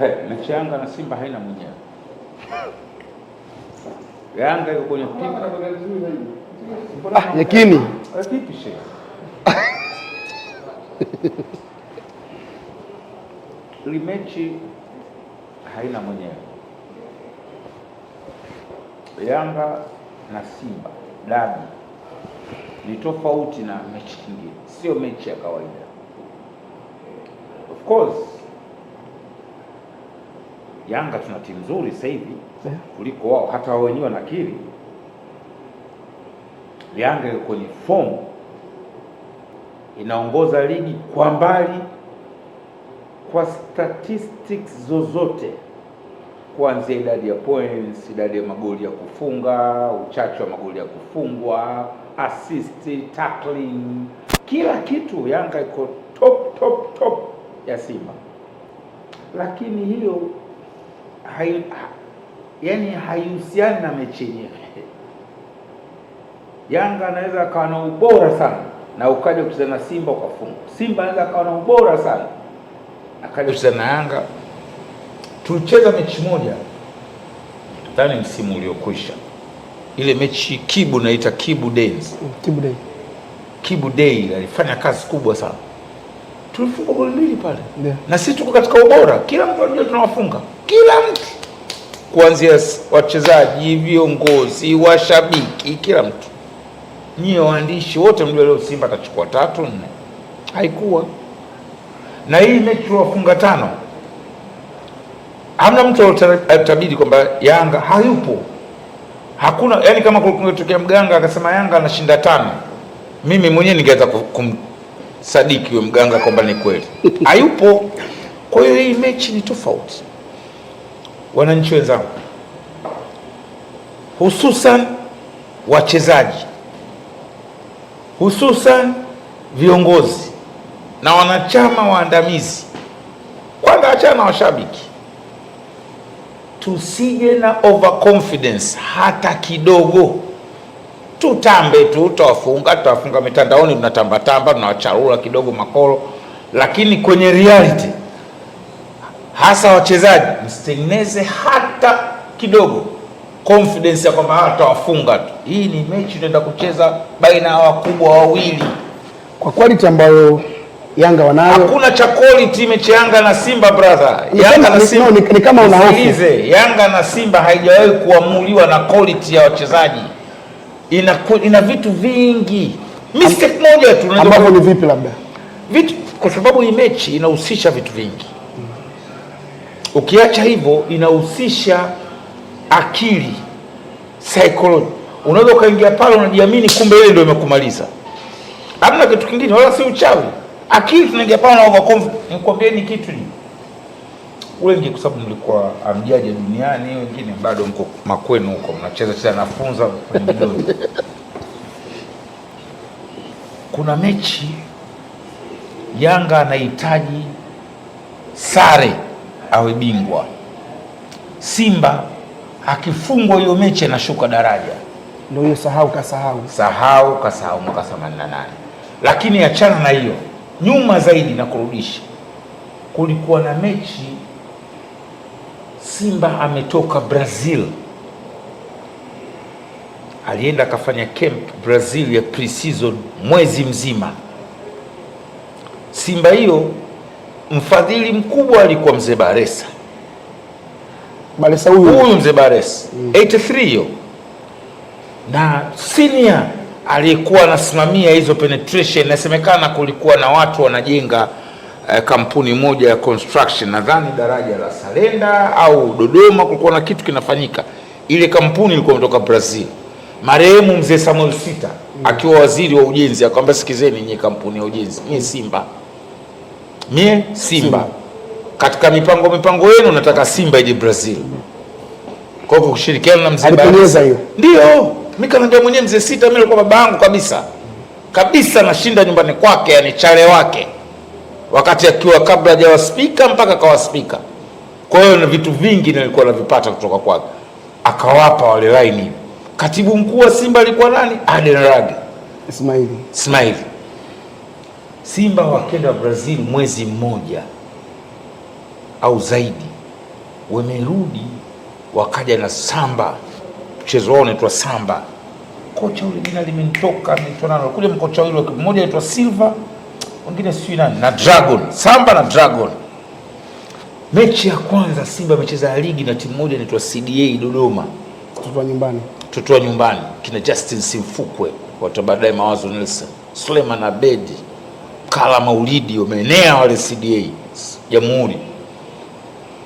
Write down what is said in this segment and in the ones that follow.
mechi Yanga na Simba haina mwenyewe. Yanga yuko kwenye ah, yakini li mechi haina mwenyewe. Yanga na Simba dabi ni tofauti na mechi nyingine, sio mechi ya kawaida of course Yanga tuna timu nzuri sasa hivi eh. kuliko wao, hata wao wenyewe wanakiri Yanga iko kwenye form, inaongoza ligi kwa mbali kwa statistics zozote, kuanzia idadi ya points, idadi ya magoli ya kufunga, uchache wa magoli ya kufungwa, assist, tackling, kila kitu Yanga iko top top top ya Simba, lakini hiyo hai, yani haihusiani na mechi yenyewe. Yanga anaweza akawa na ubora sana na ukaja kucheza na Simba ukafungwa. Simba anaweza akawa na ubora sana akaja kucheza na Yanga. Tulicheza mechi moja tani msimu uliokwisha, ile mechi Kibu naita Kibu Days, Kibu Day, Kibu Day alifanya kazi kubwa sana tulifunga goli mbili pale yeah. na sisi tuko katika ubora, kila mtu anajua tunawafunga, kila mtu kuanzia wachezaji, viongozi, washabiki, kila mtu, nyie waandishi wote mjua leo Simba atachukua tatu nne. Haikuwa na hii mechi tuliwafunga tano, hamna mtu alitabiri kwamba Yanga hayupo hakuna. Yani kama kulitokea mganga akasema Yanga anashinda tano, mimi mwenyewe ningeweza kum sadiki we mganga kwamba ni kweli hayupo. Kwa hiyo hii mechi ni tofauti, wananchi wenzangu, hususan wachezaji, hususan viongozi na wanachama waandamizi. Kwanza achana na washabiki, tusije na overconfidence hata kidogo tutambe tu, tutawafunga tutawafunga. Mitandaoni tunatambatamba, tunawacharula kidogo makolo, lakini kwenye reality hasa wachezaji msitengeneze hata kidogo confidence ya kwamba hawa tutawafunga tu. Hii ni mechi tunaenda kucheza baina ya wakubwa wawili kwa quality ambayo Yanga wanayo. Hakuna cha quality mechi Yanga na Simba brother. Yanga na Simba ni kama una hofu. Yanga na Simba haijawahi kuamuliwa na quality ya wachezaji ina, ina vitu vingi mistake moja tu ambapo ni vipi labda vitu, kwa sababu hii mechi inahusisha vitu vingi. Ukiacha hivyo, inahusisha akili, psychology. Unaweza ukaingia pale unajiamini, kumbe ile ndio imekumaliza, hamna kitu kingine, wala si uchawi. Akili tunaingia pale na overconfidence. Nikwambieni kitu ni wengi, kwa sababu mlikuwa amjaje duniani, wengine bado mko makwenu huko mnacheza cheza, nafunza kwenye midoli. Kuna mechi Yanga anahitaji sare awe bingwa, Simba akifungwa hiyo mechi anashuka daraja. Ndio hiyo sahau kasahau, sahau kasahau mwaka 88. Lakini achana na hiyo, nyuma zaidi na kurudisha, kulikuwa na mechi Simba ametoka Brazil, alienda akafanya camp Brazil ya pre-season mwezi mzima. Simba hiyo mfadhili mkubwa alikuwa mzee Baresa, Baresa huyu mzee Baresa 83 mm. hiyo na senior aliyekuwa anasimamia hizo penetration, inasemekana kulikuwa na watu wanajenga eh, kampuni moja ya construction nadhani daraja la Salenda au Dodoma, kulikuwa na kitu kinafanyika. Ile kampuni ilikuwa kutoka Brazil. Marehemu mzee Samuel Sita mm. akiwa waziri wa ujenzi akamwambia, sikizeni nyie kampuni ya ujenzi, mie Simba, mie Simba, katika mipango mipango yenu nataka Simba ije Brazil. Kwa hiyo kushirikiana na mzee Baraza hiyo ndio mimi kanaambia mwenyewe mzee Sita, mimi alikuwa babangu kabisa kabisa, nashinda nyumbani kwake, yani chale wake wakati akiwa kabla hajawa spika mpaka akawa spika. Kwa hiyo na vitu vingi nilikuwa navipata kutoka kwake, akawapa wale laini. Katibu mkuu wa Simba alikuwa nani? Rage Ismaili Ismaili. Simba wakenda Brazil mwezi mmoja au zaidi, wamerudi wakaja na samba, mchezo wao unaitwa samba. Kocha yule jina limenitoka, nitonalo kule mkocha yule mmoja anaitwa Silva wengine sijui nani na Dragon Samba na Dragon. Mechi ya kwanza Simba amecheza ligi na timu moja inaitwa CDA Dodoma, tutoa nyumbani, tutoa nyumbani, kina Justin Simfukwe, watu baadaye Mawazo Nelson, Suleiman Abedi, Kala Maulidi, wameenea wale CDA Jamhuri.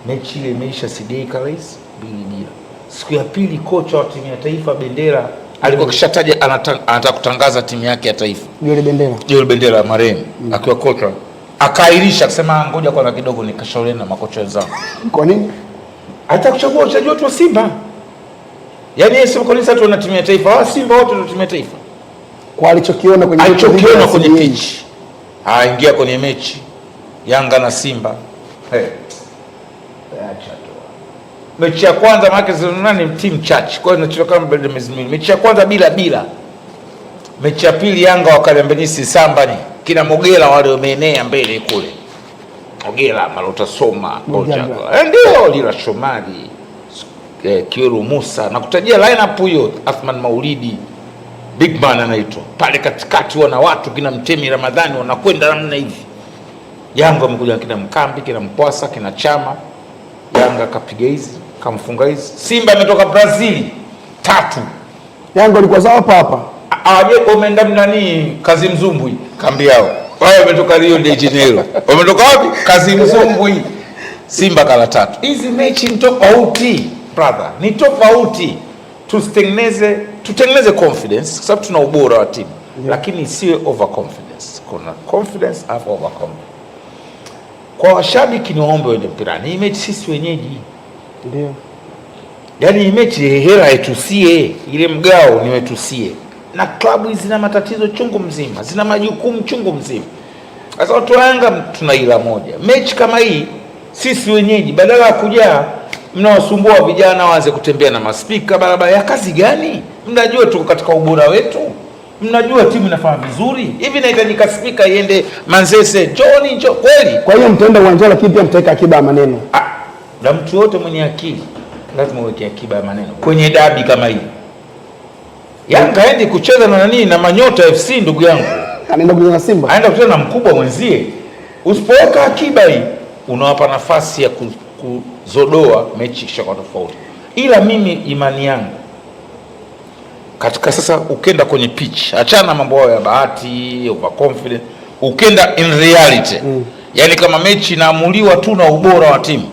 Mechi ile imeisha, CDA kalaisi mbili bila. Siku ya pili kocha wa timu ya taifa bendera alikuwa kishataja anataka kutangaza timu yake ya taifa yule Bendera, yule Bendera marehemu mm. akiwa kocha akairisha akisema ah, ngoja kwanza kidogo nikashauriane na makocha wenzangu. Kwa nini? Hata kuchagua wachezaji wote wa Simba. Yaani yeye sio kanisa tu na timu ya taifa, wa Simba wote ndio timu ya taifa. Kwa alichokiona kwenye alichokiona kwenye pitch. Aingia kwenye mechi Yanga na Simba. Hey. Acha mechi ya kwanza maana Barcelona ni team church. kwa hiyo inachotokana kama ya miezi Mechi ya kwanza bila bila, mechi ya pili Yanga wakaliambenyisi sambani kina Mogela wale wameenea mbele kule, Mogela Malota Soma eh, ndio Lila Shomari eh, Kiweru Musa nakutajia lineup hiyo, Athman Maulidi big man anaitwa pale katikati, wana watu kina Mtemi Ramadhani wanakwenda namna hivi. Yanga wamekuja kina Mkambi kina Mpwasa kina Chama, Yanga kapiga hizi kamfunga hizi. Simba imetoka Brazil tatu, Yanga alikuwa sawa hapa hapa, aje umeenda nani, kazi mzumbwi kambi yao wao, wametoka Rio de Janeiro Wametoka wapi? Kazi mzumbwi. Simba kala tatu. Hizi mechi ni tofauti brother, ni tofauti. Tusitengeneze, tutengeneze confidence kwa sababu tuna ubora wa timu yeah, lakini isiwe overconfidence. Kuna confidence afu overconfidence. Kwa washabiki, niwaombe wende mpirani, hii mechi sisi wenyeji ndio. Yaani hii mechi hela yetusie, ile mgao ni wetusie, na klabu hizi zina matatizo chungu mzima, zina majukumu chungu mzima. Sasa watu wa Yanga tuna ila moja, mechi kama hii sisi wenyeji, badala ya kujaa mnawasumbua vijana waanze kutembea na maspika barabara, ya kazi gani? Mnajua tuko katika ubora wetu, mnajua timu inafanya vizuri hivi, nahitajika spika iende Manzese, njoni, njoo kweli. Kwa hiyo mtaenda uwanjani, lakini pia mtaweka akiba ya maneno. Ah, na mtu yote mwenye akili lazima uweke akiba ya maneno kwenye dabi kama hii. Yanga aende kucheza na nani? Na Manyota FC, ndugu yangu, anaenda kucheza na Simba, anaenda kucheza na mkubwa mwenzie. Usipoweka akiba hii, unawapa nafasi ya kuzodoa mechi kisha kwa tofauti. Ila mimi imani yangu katika sasa, ukenda kwenye pitch, achana mambo hayo ya bahati, overconfidence, ukenda in reality mm. Yani kama mechi inaamuliwa tu na ubora wa timu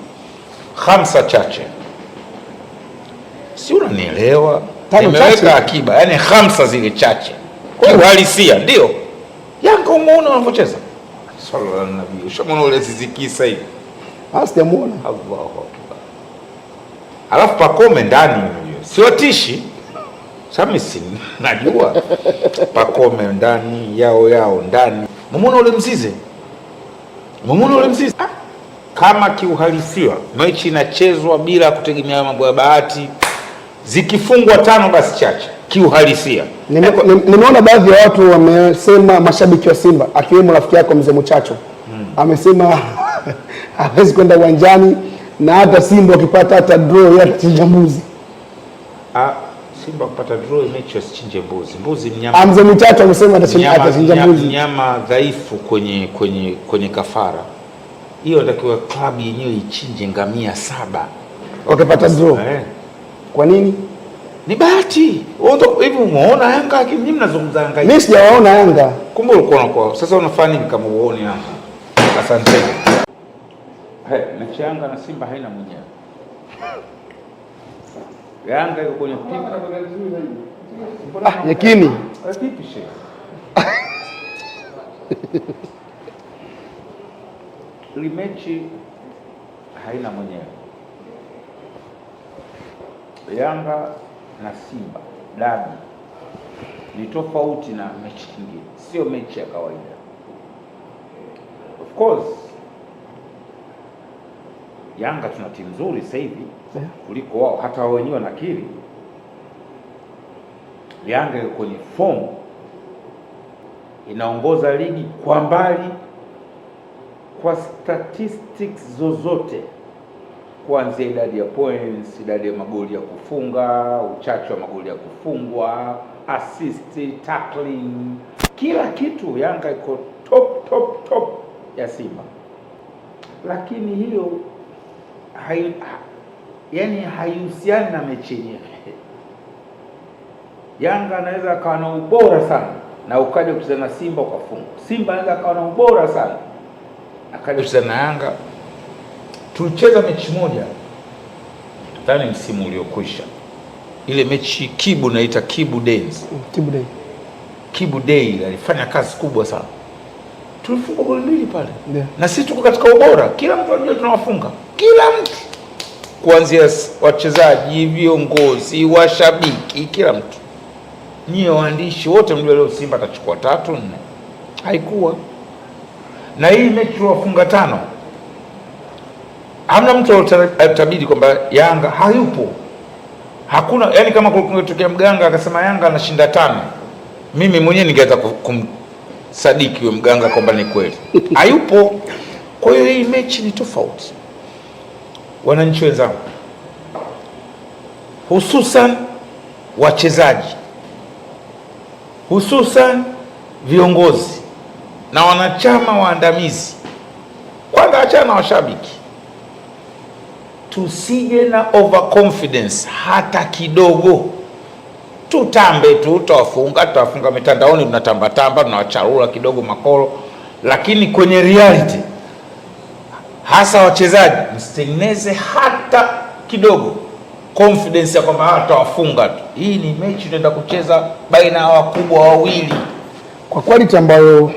hamsa chache, si unanielewa? Nimeweka akiba, yani hamsa zile chache kwa ndio Yanga umeona wanavyocheza swala la nabii. Ah, Allahu akbar. Alafu Pakome ndani, siwatishi si najua Pakome ndani yao yao ndani, mmeona ule mzize, mmeona ule mzize ah kama kiuhalisia mechi inachezwa bila kutegemea mambo ya bahati, zikifungwa tano basi chache kiuhalisia. Nimeona baadhi ya watu wamesema, mashabiki wa Simba akiwemo rafiki yako mzee Mchacho hmm. amesema hawezi kwenda uwanjani na hata Simba wakipata hata draw atachinja mbuzi. Ah, Simba kupata draw mechi asichinje mbuzi. Mbuzi mnyama. Ah, mzee Mchacho amesema atachinja mbuzi, dhaifu kwenye, kwenye, kwenye kafara hiyo takiwa klabu yenyewe ichinje ngamia saba wakipata draw. Eh. Kwa nini? Ni bahati hivi. Umeona Yanga mimi mnazungumza Yanga, mimi sijawaona Yanga. Kumbe ulikuwa unakuwa sasa unafanya nini kama uone Yanga? Asante. Hey, mechi Yanga na Simba haina mwenyewe. Yanga yuko kwenye pipa. Ah, yakini. Eh, vipi shee? limechi haina mwenyewe. Yanga na Simba dabi ni tofauti na mechi nyingine, sio mechi ya kawaida. Of course Yanga tuna timu nzuri sasa hivi kuliko wao, hata wao wenyewe wanakiri Yanga kwenye form inaongoza ligi kwa mbali kwa statistics zozote kuanzia idadi ya points, idadi ya magoli ya kufunga, uchache wa magoli ya kufungwa, assist, tackling, kila kitu Yanga iko top top top ya Simba, lakini hiyo hai, yani haihusiani na mechi yenyewe. Yanga anaweza akawa na ubora sana na ukaja kucheza na Simba ukafungwa Simba anaweza akawa na ubora sana akaja kucheza na Yanga, tulicheza mechi moja nadhani msimu uliokwisha, ile mechi Kibu naita Kibu Days, mm, Kibu Day, Kibu Day alifanya kazi kubwa sana, tulifunga goli mbili pale yeah. na sisi tuko katika ubora, kila mtu anajua tunawafunga kila mtu, kuanzia wachezaji, viongozi, washabiki, kila mtu, nyie waandishi wote mlio leo Simba atachukua tatu nne, haikuwa na hii mechi wafunga tano. Hamna mtu alitabiri kwamba Yanga hayupo, hakuna. Yani kama kungetokea mganga akasema Yanga anashinda tano, mimi mwenyewe ningeweza kumsadiki huyo mganga kwamba ni kweli, hayupo. Kwa hiyo hii mechi ni tofauti, wananchi wenzangu, hususan wachezaji, hususan viongozi na wanachama waandamizi, kwanza achana na washabiki, tusije na overconfidence hata kidogo. Tutambe tu, tutawafunga tutawafunga. Mitandaoni tunatambatamba, tunawacharula kidogo makoro, lakini kwenye reality hasa wachezaji msitengeneze hata kidogo confidence ya kwamba tutawafunga tu. Hii ni mechi tunaenda kucheza baina ya wakubwa wawili kwa quality ambayo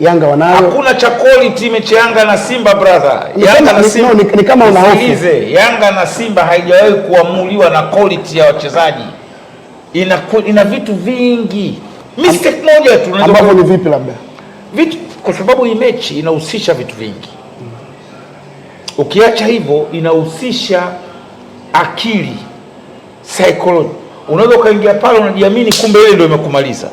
Yanga wanayo. Hakuna cha quality mechi Yanga na Simba brother. Yanga na Simba ni, ni kama una hofu. Yanga na Simba haijawahi kuamuliwa na quality ya wachezaji. Ina ina vitu vingi. Mistake moja tu unaweza ambapo ni vipi labda? Vitu kwa sababu hii mechi inahusisha vitu vingi. Ukiacha hivyo inahusisha akili, psychology. Unaweza ukaingia pale unajiamini, kumbe wewe ndio umekumaliza.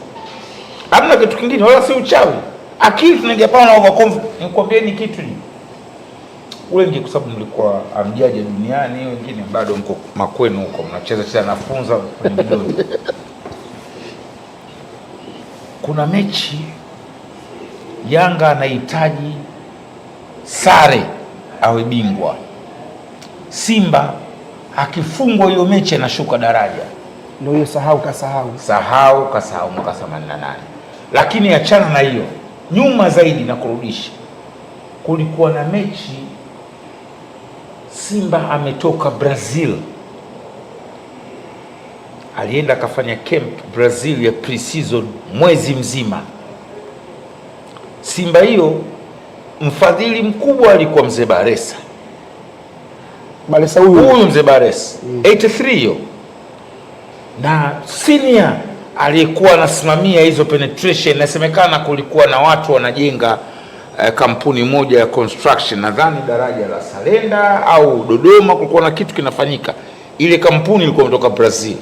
Hamna kitu kingine wala si uchawi akili tuningepana na overconfidence. Nikwambieni kitu ni wengi, kwa sababu mlikuwa amjaje duniani, wengine bado mko makwenu huko mnacheza cheza, nafunza kwenye Kuna mechi Yanga anahitaji sare awe bingwa, Simba akifungwa hiyo mechi anashuka daraja. Ndio hiyo, sahau kasahau, sahau kasahau mwaka 88. Lakini achana na hiyo nyuma zaidi na kurudisha, kulikuwa na mechi Simba ametoka Brazil, alienda akafanya camp Brazil ya pre-season mwezi mzima. Simba hiyo mfadhili mkubwa alikuwa mzee Baresa, Baresa huyu huyu mzee Baresa 83 mm. hiyo na senior aliyekuwa anasimamia hizo penetration, inasemekana kulikuwa na watu wanajenga eh, kampuni moja ya construction, nadhani daraja la Salenda au Dodoma, kulikuwa na kitu kinafanyika. Ile kampuni ilikuwa kutoka Brazil.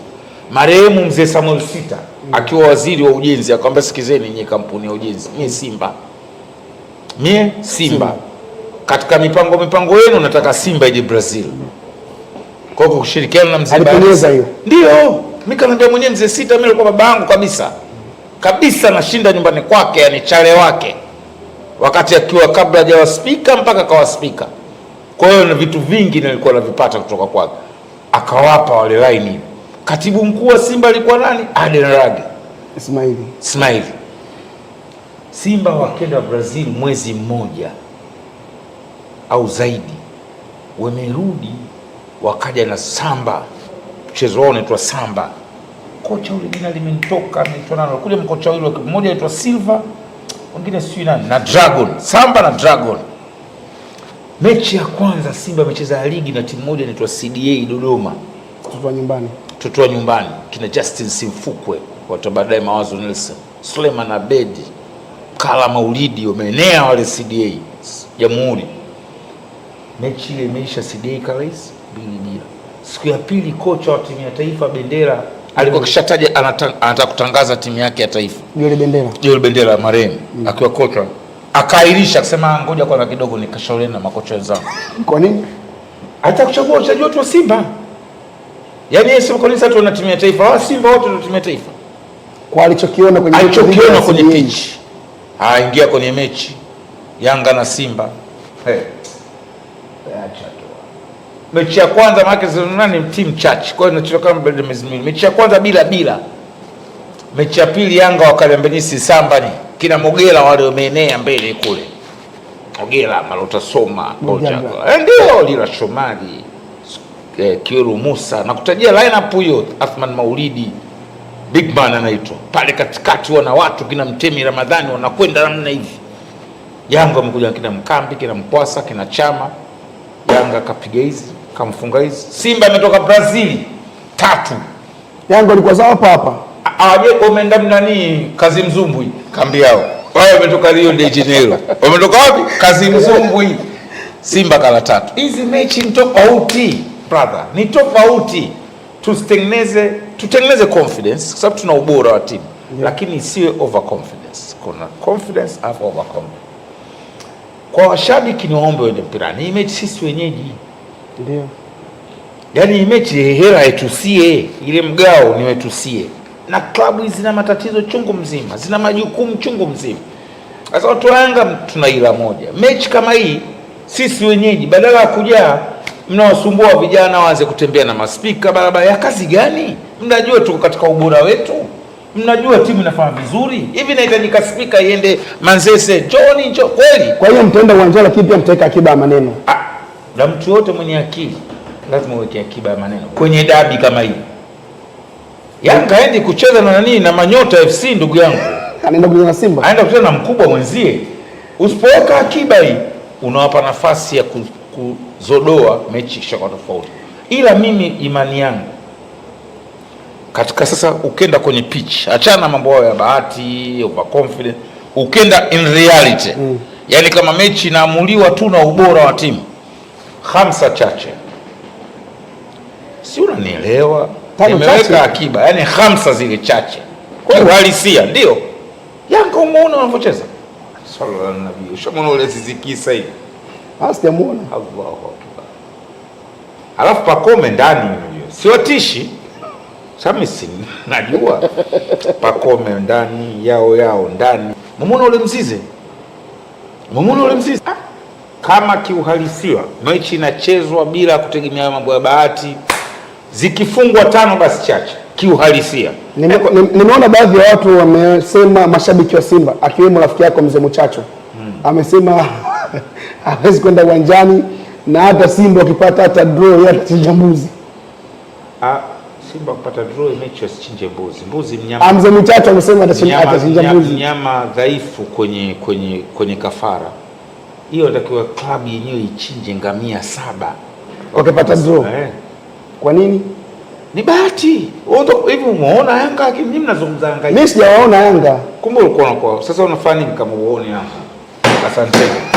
Marehemu mzee Samuel Sita akiwa waziri wa ujenzi akamwambia, sikizeni nyie kampuni ya ujenzi, mie Simba, mie Simba, katika mipango mipango yenu nataka Simba ije Brazil, kwa kushirikiana na mzee ndio mimi kaniambia mwenyewe mzee Sita, mimi baba yangu kabisa kabisa, nashinda nyumbani kwake, yani chale wake, wakati akiwa kabla hajawa spika mpaka akawa spika. Kwa hiyo na vitu vingi nilikuwa navipata kutoka kwake. Akawapa wale laini. Katibu mkuu wa Simba alikuwa nani? Rage Ismail Ismail. Simba wakenda Brazil mwezi mmoja au zaidi, wamerudi wakaja na samba mchezo wao unaitwa samba. Kocha yule jina limenitoka, nilitoa nalo kule, mkocha yule mmoja anaitwa Silva, mwingine sijui nani, na Dragon samba na Dragon. Mechi ya kwanza Simba amecheza ligi na timu moja inaitwa CDA Dodoma, tutoa nyumbani, tutoa nyumbani, kina Justin Simfukwe, watu baadaye Mawazo Nelson, Suleiman Abedi, Kala Maulidi, wameenea wale CDA Jamhuri. Mechi ile imeisha, CDA kalais mbili bila siku ya pili kocha wa timu ya taifa Bendera alikuwa kishataja anataka kutangaza timu yake ya taifa, Joel Bendera, Joel Bendera marehemu mm. akiwa kocha akaahirisha akisema, ah, ngoja kwanza kidogo nikashauriana na makocha wenzangu. Kwa nini hata kuchagua wachezaji wote wa Simba? Yaani yeye sio kanisa tu na timu ya taifa, wa Simba wote ndio timu ya taifa, kwa alichokiona kwenye alichokiona kwenye pitch. Aingia kwenye mechi Yanga na Simba hey. Eh mechi ya kwanza maana Barcelona ni team church. kwa hiyo inacheza kama mechi ya kwanza bila bila, mechi ya pili Yanga samba ni. kina Mogela wale wameenea mbele kule Mogela Malota Soma Eh, ndio Lila Shomali eh, Kiru Musa nakutajia lineup hiyo, Athman Maulidi big man anaitwa pale katikati, wana watu kina Mtemi Ramadhani wanakwenda namna hivi. Yanga amekuja kina Mkambi kina Mpwasa, kina Chama, Yanga kapiga hizi kamfunga hizi. Simba ametoka Brazil tatu, Yanga alikuwa sawa papa. hapa, aje umeenda mnani kazi mzumbwi kambi yao wao, umetoka Rio de Janeiro umetoka wapi? Kazi mzumbwi. Simba kala tatu. Hizi mechi ni tofauti brother, ni tofauti. Tusitengeneze, tutengeneze confidence kwa sababu tuna ubora wa timu yeah, lakini isiwe overconfidence. Kuna confidence afu overconfidence. Kwa washabiki, niwaombe wende mpirani, hii mechi sisi wenyeji ndio. Yaani mechi hela etusie, ile mgao ni wetusie, na klabu hizi zina matatizo chungu mzima, zina majukumu chungu mzima. Sasa watu wa tuna ila moja, mechi kama hii sisi wenyeji, badala ya kujaa mnawasumbua vijana waanze kutembea na maspika barabara, ya kazi gani? Mnajua tuko katika ubora wetu, mnajua timu inafanya vizuri hivi, inahitajika spika iende Manzese, njoni njo kweli. Kwa hiyo mtaenda uwanjani, lakini pia mtaweka akiba ya maneno. Ah, na mtu yote mwenye akili lazima uweke akiba ya maneno kwenye dabi kama hii. Yanga aende kucheza na nani? Na Manyota FC, ndugu yangu, anaenda kucheza na Simba, anaenda kucheza na mkubwa mwenzie. Usipoweka akiba hii, unawapa nafasi ya kuzodoa mechi kisha kwa tofauti. Ila mimi imani yangu katika sasa, ukenda kwenye pitch, achana mambo hayo ya bahati, overconfidence, ukenda in reality mm. Yani kama mechi inaamuliwa tu na ubora wa timu hamsa chache, si unanielewa? Nimeweka akiba, yani hamsa zile chache kwa uhalisia. Ndio Yanga umeona wanavyocheza, swala la nabii. ziziki ah, Allahu akbar. Alafu Pakome ndani, siwatishi si najua Pakome ndani yao yao ndani. Mmeona ule mzize, mmeona ule mzize ah, kama kiuhalisia mechi inachezwa bila kutegemea mambo ya bahati, zikifungwa tano basi chache kiuhalisia. Nimeona nime baadhi ya watu wamesema, mashabiki wa Simba akiwemo rafiki yako mzee Mchacho hmm. amesema hawezi kwenda uwanjani na hata Simba wakipata hata draw atachinja mbuzi. Ah, Simba kupata draw mechi wasichinje mbuzi. Mbuzi mnyama. Ah, mzee Mchacho amesema atachinja mbuzi, nyama dhaifu kwenye, kwenye, kwenye kafara hiyo takiwa klabu yenyewe ichinje ngamia saba wakipata draw. Eh. Kwa nini? Ni bahati hivi. Umeona Yanga mimi nazungumza Yanga, mimi sijaona Yanga. Kumbe ulikuwa sasa unafanya kama uone Yanga. Asante.